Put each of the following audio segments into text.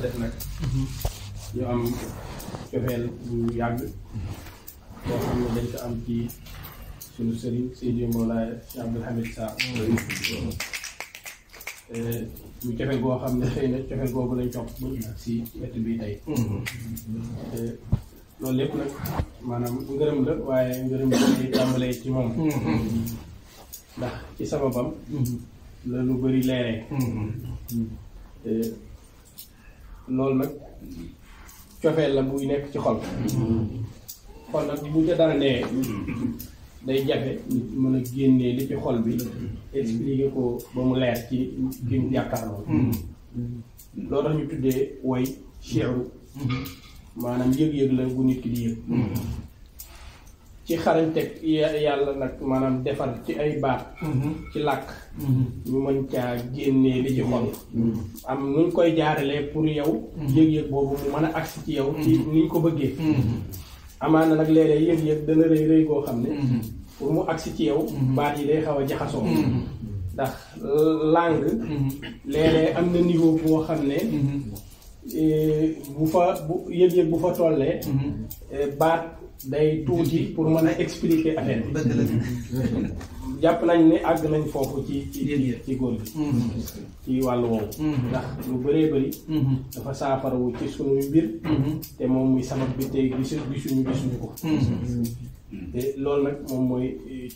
def nag ñu am cofeel bu yàgg boo xam ne dañ ko am ci suñu sëriñ Seydi Mawlaay Cheikh Abdoul Hamid Sarr ñu eh, cofeel goo xam ne xëy na cofeel googu lañ topp si wet bi tey eh, loolu lépp nag maanaam ngërëm la waaye ngërëm la di tàmbalee ci moom ndax ci sababam la lu bëri leeree mm-hmm. eh, loolu nag cofeel la buy nekk ci xol xol nag bu ca dara day jafe mën a génnee li ci xol bi expliquer ko ba mu leer ci ki mu jàkkaarloo loolu tuddee woy cheru mm-hmm. maanaam yëg-yëg la bu nit ki di yëg ci xarañteg yàlla nag maanaam defar ci ay baat mm-hmm. ci làkk mm-hmm. ñu mën caa génnee li ci xol mm-hmm. am nuñ koy jaaralee pour yow yëg-yëg boobu mu mën a agsi ci yow ci niñ ko bëggee amaana nag léeg-léeg yëg-yëg dana rëy rëy goo xam ne pour mu agsi ci yaw baat yi day xaw a jaxasoo ndax langue léeg am na niveau boo xam ne eh, bu fa bu yëg-yëg bu fa tollee eh, baat day tuuti pour mën a expliquer affaire bi. jàpp nañ ne àgg nañ foofu ci ci ci góor gi. Mm-hmm. ci wàll woowu. Mm-hmm. ndax lu bëree bëri. Mm-hmm. dafa saafarawu ci suñuy mbir. te moom muy sabab bi tey gisuñu gisuñu ko. te loolu nag moom mooy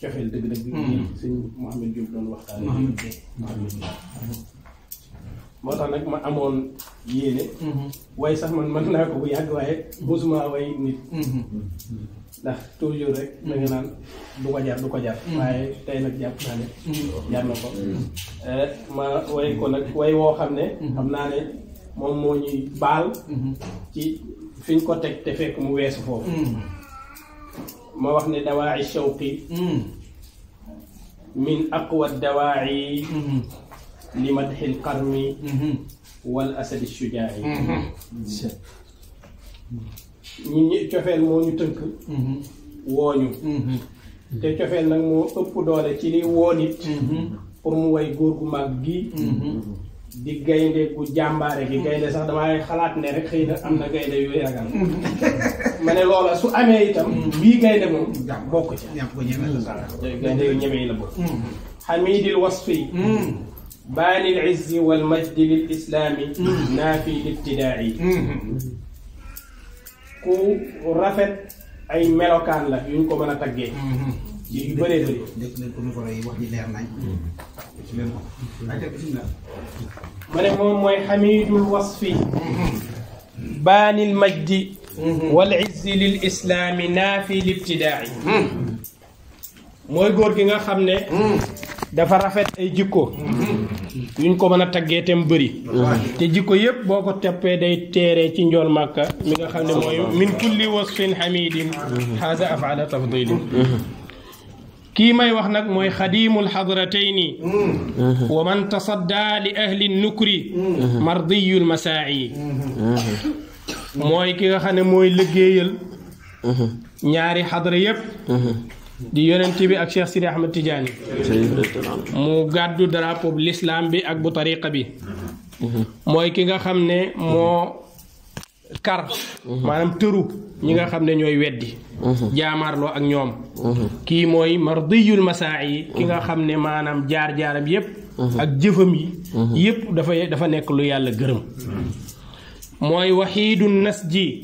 cofeel dëgg-dëgg. bi sëñ Mouhamed doon waxtaan. Mouhamed Diop moo tax nag ma amoon yéene. Mhm. waaye sax man mën naa ko bu yàgg waaye mosuma way nit. Mhm. ndax toujours rek da nga naan du ko jar du ko jar. Mhm. waaye tey nag jàpp naa ne. jar na ko. Eh, ma way ko nag way woo xam ne. xam naa ne moom moo ñuy baal. ci fi ñu ko teg te fekk mu weesu foofu. ma wax ne dawaa'i shawqi. min aqwa dawaa'i. لمدح القرم والأسد الشجاع ñun ñi cofeel moo ñu tënk mhm. wooñu mhm. te cofeel nag moo ëpp doole ci li woo nit mhm. pour mu way góor gu mag gi di gaynde gu jàmbaare gi gaynde sax damay xalaat ne rek xëy na am na gaynde yooyu ragal ma ne loola su amee itam bii gaynde moom gaynde yu ñeme yi la bokk xamidil wasfi بان العز والمجد للإسلام نافي الابتداع كو رفت أي ملوكان لا ينكو منا تقيه من حميد الوصف باني المجد والعز للاسلام نافي الابتداع موي غور كيغا خامني دا فا رافيت اي جيكو yuñ ko mën a taggee tem bëri te jikko yëpp boo ko teppee day teeree ci njool màkka mi nga xam ne mooy min kulli wasfin hamidin haza afala tafdilin kii may wax nag mooy xadiimul xadratayni wa man tasadda li ahli nukri mardiyul masaayi mooy ki nga xam ne mooy liggéeyal ñaari xadra yëpp di yonent bi ak Cheikh Sidi Ahmed Tidiane mu gaddu drapeau bi l'islam bi ak bu tariqa bi moy ki nga xamne mo kar manam tëru ñi nga xamne ñoy weddi jaamaarloo ak ñom ki moy mardiyul masa'i ki nga xamne manam jaar-jaaram yep ak jëfëm yi yep dafa dafa nek lu yalla gërëm moy wahidun nasji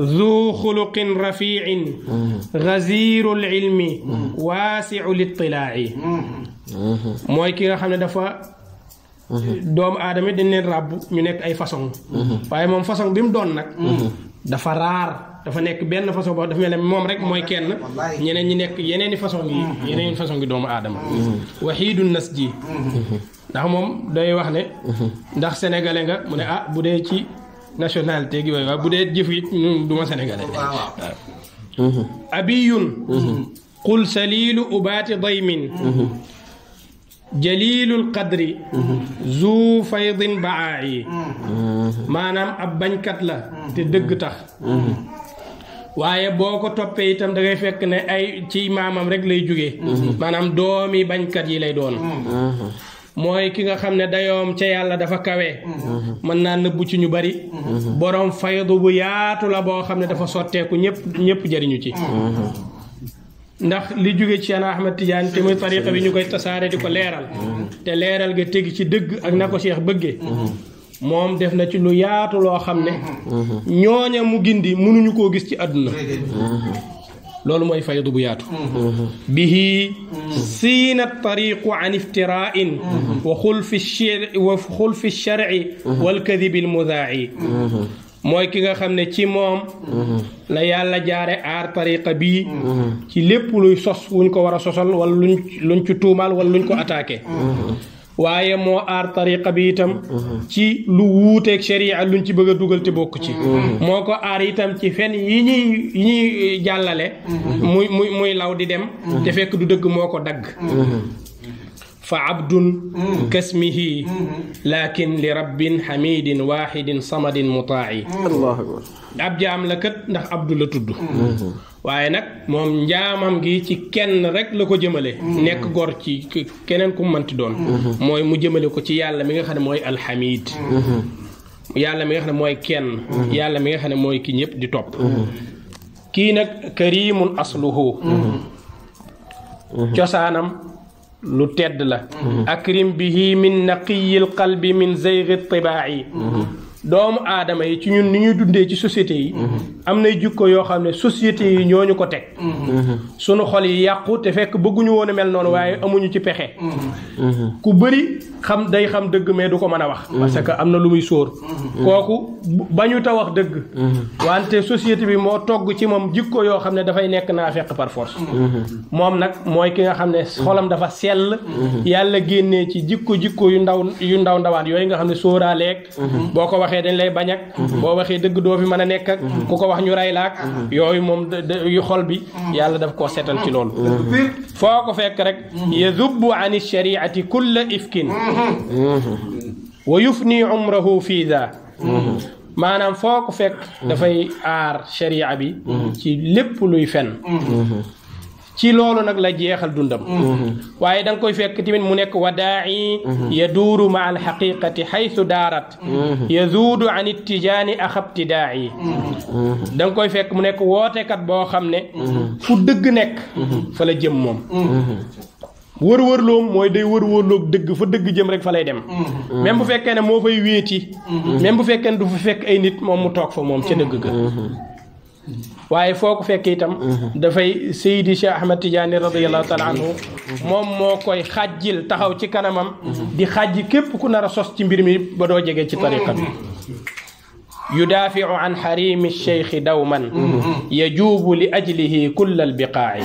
ذو خلق رفيع غزير العلم واسع الاطلاع mooy kii nga xam ne dafa doomu aadama dañ leen ràbb ñu nekk ay façon waaye moom façon bi mu doon nag dafa raar dafa nekk benn façon boo dafa mel moom rek mooy kenn ñeneen ñi nekk yeneeni façon yi yeneeni façon yi doomu aadama waxiidu nas ji ndax moom day wax ne ndax sénégalais nga mu ne ah bu dee ci national tegi way bu de jëf yi duma sénégalais oh, waaw mhm. abiyun mhm. qul salil ubat daymin جليل القدر ذو فيض بعاي ما نام اب بان كات لا تي دغ تخ وايي بوكو توبي تام داغي فك ني اي تي مامام رك لاي جوغي مانام دومي بان كات يي لاي دون mooy ki nga xam ne dayoom ca yàlla dafa kawe mën naa nëbbu ci ñu bari borom faydu bu yaatu la boo xam ne dafa sotteeku ñëpp ñëpp jariñu ci ndax li jóge ci ana Ahmad te muy tariqa bi ñu koy tasaare di ko leeral te leeral ga teg ci dëgg ak na ko Cheikh bëgge moom def na ci lu yaatu loo xam ne ñooña mu gindi mënuñu koo gis ci àdduna loolu mooy faydu bu yaatu mm-hmm. bihi mm-hmm. siina tariqu an iftirain mm-hmm. wa xulfi wa xulfi sharci walkadibi almudaaci mooy ki nga xam ne ci moom la yàlla jaare aar tariqa bii ci lépp luy sos wuñ ko war a sosal wala luñ luñ ci tuumaal wala luñ ko attaqué waaye moo aar tariqa bi itam ci lu wuuteeg sharia luñ ci bëgg a dugal te bokk ci moo ko aar itam ci fen yi ñuy jàllale mu mu muy law di dem te fekk du dëgg moo ko dagg fa abdun kasmihi lakin li rabbin xamidin waxidin samadin mutaaci ab jaam la kat ndax abdou la tudd waaye nag moom njaamam gi ci kenn rek la ko jëmale nekk gor ci keneen ku mënti doon mooy mu jëmale ko ci yàlla mi nga xam ne mooy alxamid yàlla mi nga xam ne mooy kenn yàlla mi nga xam ne mooy ki ñëpp di topp kii nag karimun asluhu cosaanam lu tedd la akrim bihi min naqiyil qalbi min zeygi tibaa'i doomu aadama yi ci ñun ni ñuy dundee ci société yi mm-hmm. am nay jikko yoo xam ne société yi ñoo ñu ko teg mm-hmm. Mm-hmm. sunu xol yi yàqu te fekk bëgguñu woon a mel noonu waaye amuñu ci pexe ku bëri xam day xam dëgg mais du ko mën a wax parce que am na lu muy sóor kooku bañu ta wax dëgg wante société bi moo togg ci moom jikko yoo xam ne dafay nekk naa fekk par force moom nag mooy ki nga xam ne xolam dafa sell yàlla génnee ci jikko jikko yu ndaw yu ndaw ndawaan yooyu nga xam ne sóoraaleeg boo waxé dañ lay bañ ak bo waxé deug do fi mëna nek ak kuko wax ñu ray laak yoy mom yu xol bi yàlla daf ko sétal ci lool foko ko fekk rek yazubbu an shariati kull ifkin wa yufni umruhu fi dha manam foko ko da fay ar sharia bi ci lépp luy fenn ci loolu nag la jeexal dundam mm-hmm. waaye da nga koy fekk tamit mu nekk wadaa'i mm-hmm. yaduuru ma alxaqiqati xaytu daarat mm-hmm. yazuudu an ittijaani axabtidaa'i da nga koy fekk mu nekk wootekat boo xam ne fu dëgg nekk fa la jëm moom wër-wërloom mooy day wër-wërloog dëgg fa dëgg jëm rek fa lay dem. même bu fekkee ne moo fay wéeti. même bu fekkee ne du fa fekk ay nit moom mu toog fa moom ca dëgg ga. waye foko fekke itam da fay sayyidi Cheikh ahmed Tidiane radiyallahu taala anhu mom mo koy xàjjil taxaw ci kanamam di xàjji képp ku nara sos ci mbir mi ba do jege ci tariqa yudafi'u an harim ash-shaykh dawman yajubu li ajlihi kull al-biqa'i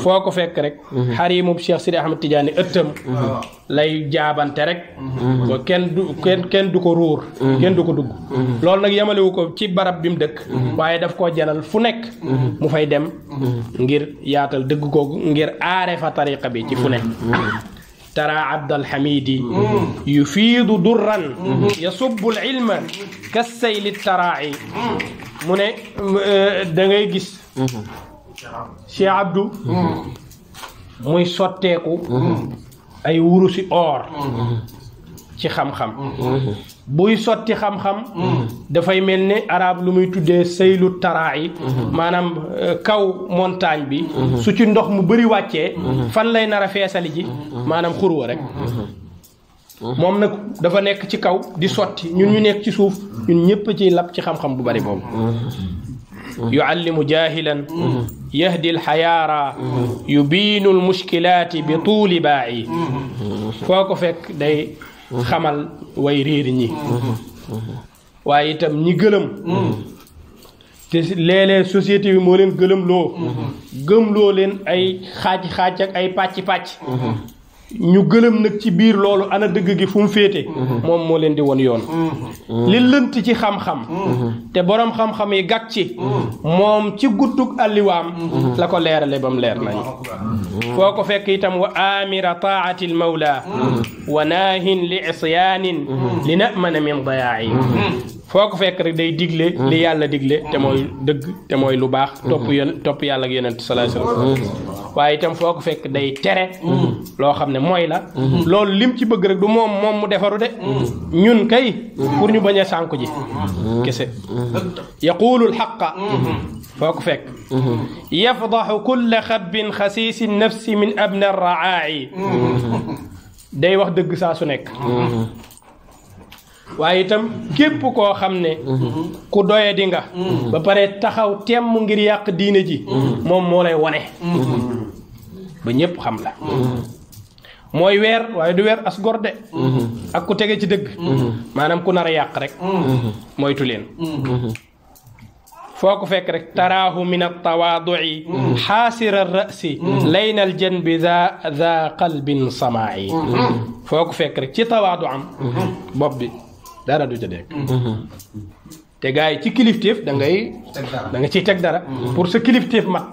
foko fek rek harimu Cheikh Sidi Ahmed Tidiane ëttam lay jabanté rek ko ken du ken kenn du ko ruur kenn du ko dugg loolu nag yamalewu ko ci barab bim dëkk waye daf ko janal fu nek mu fay dem ngir yaatal deug gog ngir aré fa tariqa bi ci fu nek ترى عبد الحميد يفيد درا يصب العلم كالسيل التراعي من دغاي Cheikh Abdou muy sotteeku ay wurusi or ci xam-xam buy sotti xam-xam dafay mel ni arab lu muy tuddee saylu taraayi maanaam euh, kaw montagne bi su ci ndox mu bëri wàccee fan lay nar a feesali ji maanaam xurwa rek moom nag dafa nekk ci kaw di sotti ñun ñu nekk ci suuf ñun ñëpp ciy lab ci xam-xam bu bari boobu يعلم جاهلا يهدي الحيارى يبين المشكلات بطول باعي فوكو فك داي خمال ويرير ني وايتام ني گلم سوسيتي مولين گلم لو گم لو لين اي خاج خاج اي باتش باتش ñu gëlëm nag ci biir loolu ana dëgg gi fu mu féete moom moo leen di won yoon li lënt ci xam-xam te boroom xam-xam yi gàc ci moom ci guddug alliwaam la ko leerale bam leer nañ foo ko fekk itam wa amira taati l mawla wa naahin li isyaanin li namana min dayaayi foo ko fekk rek day digle li yàlla digle te mooy dëgg te mooy lu baax topp yon topp yàlla ak yonent waaye itam foo ko fekk day tere loo xam ne mooy la loolu lim ci bëgg rek du moom moom mu defaru de ñun kay pour ñu bañ a sànku ji kese yaqulu alxaqa foo ko fekk yafdaxu kulla xabbin xasiisi nafsi min abna arraayi day wax dëgg saa su nekk waaye itam gépp koo xam ne ku doye di nga ba pare taxaw temm ngir yàq diine ji moom moo lay wane ba ñépp xam la mooy weer waaye du weer as gor ak ku tege ci dëgg maanaam ku nar yàq rek moytu leen foo ko fekk rek taraahu min altawaaduci xaasira rasi layna aljanbi za qalbin samaai foo ko fekk rek ci tawaadu am bopp bi dara du ca nekk. Mm-hmm. Mm-hmm. yi ci kilifteef da ngay. nga ciy teg dara. Mm-hmm. pour sa kilifteef mat.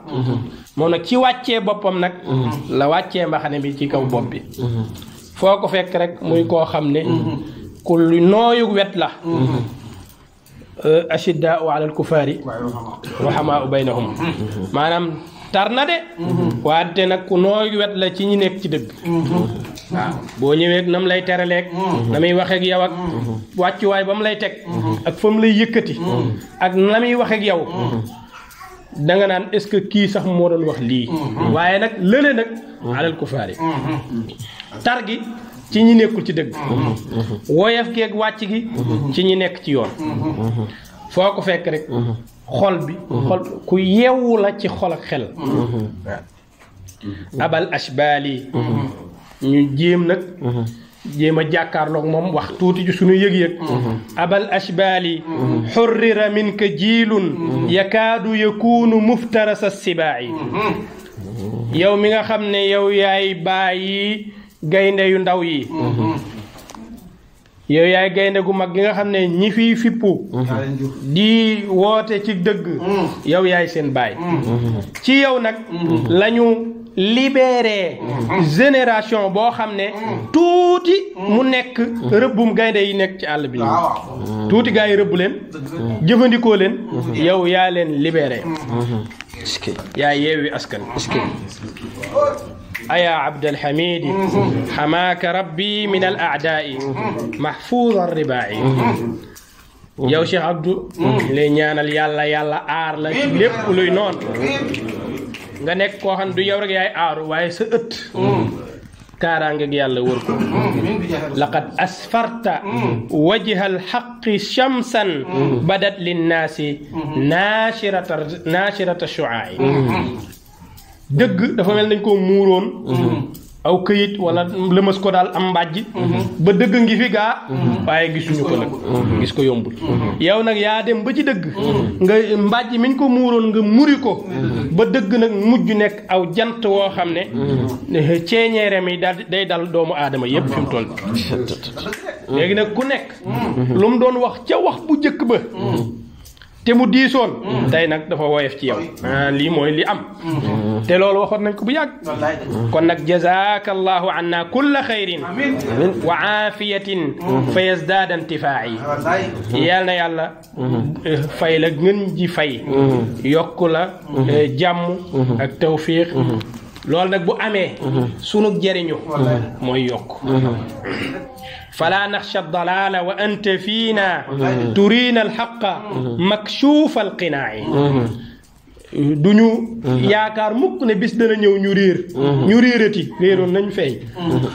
moom nag ci wàccee boppam nag. la wàccee mbaxane bi ci kaw bopp bi. foo ko fekk rek muy koo xam ne. ku nooyu wet la. Euh, ashiddaau alal kufaari. ruhamaau baynahum maanaam. tar na de mhm. waante nag ku nooy wet la ci ñi nekk ci dëgg mhm. waaw boo ñëwee nam lay teraleeg mhm. na muy waxeek yow ak wàccuwaay ba mu lay teg ak fa mu lay yëkkati ak na muy waxeeg yow danga naan est-ce que kii sax moo doon wax lii waaye nag lële nag alal ku faari tar gi ci ñi nekkul ci dëgg woyof geeg wàcc gi ci ñi nekk ci yoon foko fek rek xol bi xol ku yewu la ci xol ak xel abal ashbali ñu jéem nak jema a jàkkaarloog mom wax tuti ju sunu yëg-yëg abal ashbali hurrira minka jiilun yakadu yakunu muftarasa sibai yow mi nga xamne yow yaay bàyyi gaynde yu ndaw yi yow yaay gaynde gu mag gi nga xam ne ñi fiy fippu di woote ci dëgg yow yaay seen baay ci yow nag lañu libéré génération boo xam ne tuuti mu nekk rëbbum gaynde yi nekk ci àll bi tuuti gaa yi leen jëfandikoo leen yow yaa leen libéré yaa yeewi askan يا عبد الحميد حماك ربي من الأعداء محفوظ الرباعي يا شيخ عبد لينيان يالا يالا آر لا لب لوي نون نغا نيك كو خان دو ياو ياي آر واي سا ات كارانغك يالا وركو لقد أسفرت وجه الحق شمسا بدت للناس ناشرة ناشرة الشعاع dëgg dafa mel nañ koo muuroon mhm. aw këyit wala lëmas ko daal am mbàjj mhm. ba dëgg ngi fi gaa mhm. waaye gisuñu ko nag gis ko yombul yow nag yaa dem ba ci dëgg nga mbàjj miñ ko muuroon nga muri ko ba dëgg nag mujj nekk aw jant woo xam ne eh, ceeñeere mi daal day dal doomu aadama yépp fi mu toll léegi nag ku nekk lu mu doon wax ca wax bu jëkk ba te mu diisoon tey nag dafa woyof ci yow ah, lii mooy li am te loolu waxon nañ ko bu yag kon nak jazakallahu anna kull khairin amin wa afiyatin fa yazdaada intifaa'i yal yàlla fay la ngeen ji fay yokula la jàmm ak tawfiq loolu nak bu amé sunu jëriñu moy yok فلا نخشى الضلال وأنت فينا ترينا الحق مكشوف القناع du ñu mhm. yaakaar mukk ne bis dana ñëw ñu réer mhm. ñu réerati réeroon nañ feeñ mhm.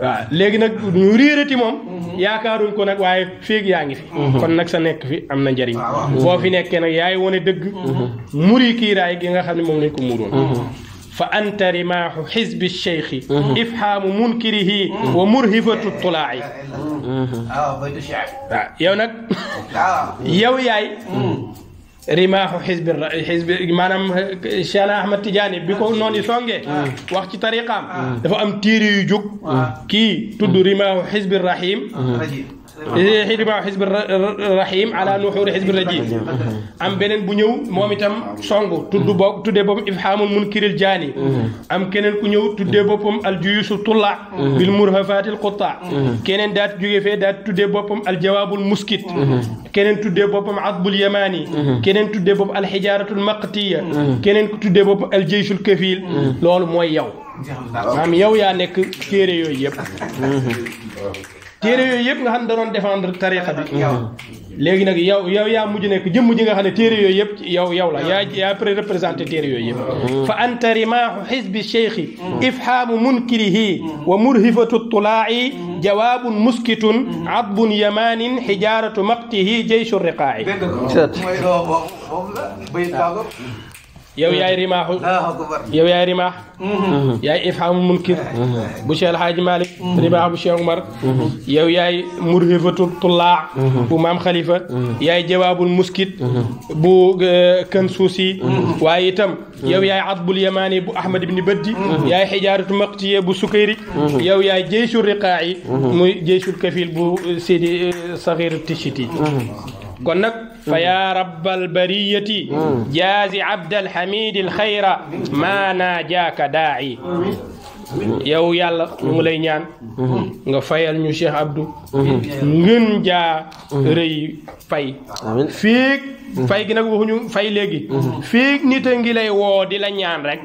waaw léegi nag ñu réerati moom yaakaaruñ ko nag waaye féeg yaa ngi fi kon nag sa nekk fi am na njariñ boo nekkee nag yaay wone dëgg muri kiiraay gi nga xam ne moom lañ ko muuroon fa anta rimaaxu xisbi cheikhi ifhaamu munkirihi wa murhifatu tulaayi ah, waaw yow nag ah. yow yaay رماح حزب حزب مانام شانا احمد تجاني بيكو آه. نوني سونغي آه. واخ سي طريقام آه. دا ام تيري يجوك كي تود رماح حزب الرحيم xidhi baa xisbi rahim ala nuxuuri xisbi rajim am beneen bu ñëw moom itam song tudd boog tuddee boppam ifhaamul munkiril jaani am keneen ku ñëw tuddee boppam aljuyusu tulla bil murhafatil qutta keneen daat jóge fee daat tuddee boppam aljawaabul muskit keneen tuddee boppam adbul yamaani keneen tuddee boppam alxijaaratul maqtiya keneen ku tuddee boppam aljeysul kafiil loolu mooy yow maanaam yow yaa nekk téere yooyu yëpp téere yooyu yëpp nga xam ne da doon défendre tariqa bi léegi nag yow yow yaa mujj nekk jëmm ji nga xam ne téere yooyu yëpp yow yow la yaa yaa pré représenté téere yooyu yëpp fa anta rimaahu xisbi cheikhi ifhaamu munkirihi wa murhifatu tulaai jawaabun muskitun adbun yamaanin xijaaratu maqtihi jeysu riqaayi يا رماح يو يا رماح يا افهام منكر بوشي الحاج مالك رماح بوشي عمر يا يا مرهفة الطلاع بو خليفة يا جواب المسكت بو كنسوسي وايتم يو يا عطب اليماني بو احمد بن بدي يا حجارة مقتية بو سكيري يا يا جيش الرقاعي جيش الكفيل بو سيدي صغير التشيتي كون فيا رب البرية جاز عبد الحميد الخير ما ناجاك داعي yow yàlla mu lay ñaan nga fayal ñu Cheikh Abdou ngën jaa rëy fay fiig fay gi nag waxuñu fay léegi fiig nit a ngi lay woo di la ñaan rek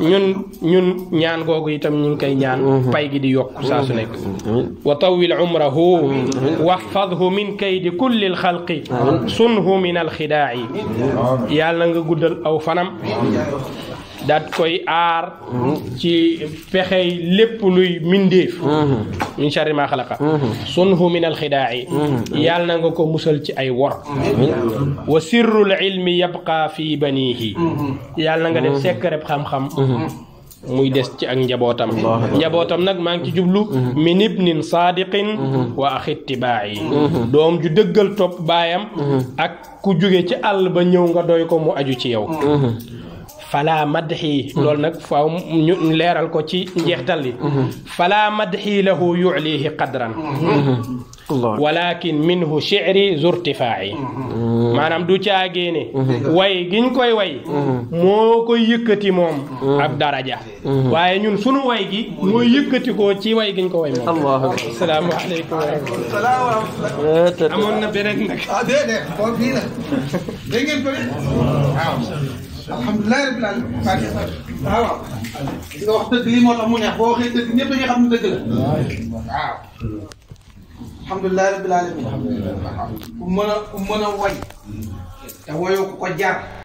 ñun ñun ñaan googu itam ñu ngi koy ñaan fay gi di yokk saa su nekk wa tawil umrahu waxfadhu min kaydi kulli alxalqi sunhu min alxidaa'i yàlla nga guddal aw fanam dat koy ar ci fexey lépp luy mindeef min sharri ma khalaqa sunhu min al alxidaa'i yal na nga ko musal ci ay wor wa sirru al ilmi yabqa fi banihi yal na nga def secret xam-xam muy des ci ak njabotam njabotam nak maa ngi ci djublu min ibnin saadiqin wa axi tibaayi doom ju deugal top bayam ak ku jóge ci àll ba ñëw nga doy ko mu aju ci yow fala madxi loolu nag faaw ñu leeral ko ci njeextal li fala madxi lahu yulihi qadran walakin minhu shicri zurtifaaci maanaam du caagéene way giñ koy way moo koy yëkkati moom ab daraja waaye ñun sunu way gi moo yëkkati ko ci way giñ ko way moom allah salaamu aleykum wa rahmatullah amoon na beneen nag dégg ngeen ko waaw الحمد لله رب العالمين اذا وقت الدليم والامون يا اخوه غير الدنيا بغي غير الحمد لله رب العالمين امنا امنا وي جار